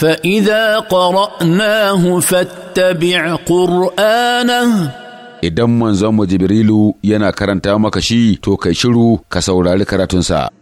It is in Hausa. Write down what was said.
فإذا قرأناه فاتبع قرآنه idan manzon mu Jibrilu yana karanta maka shi to kai shiru ka saurari karatunsa.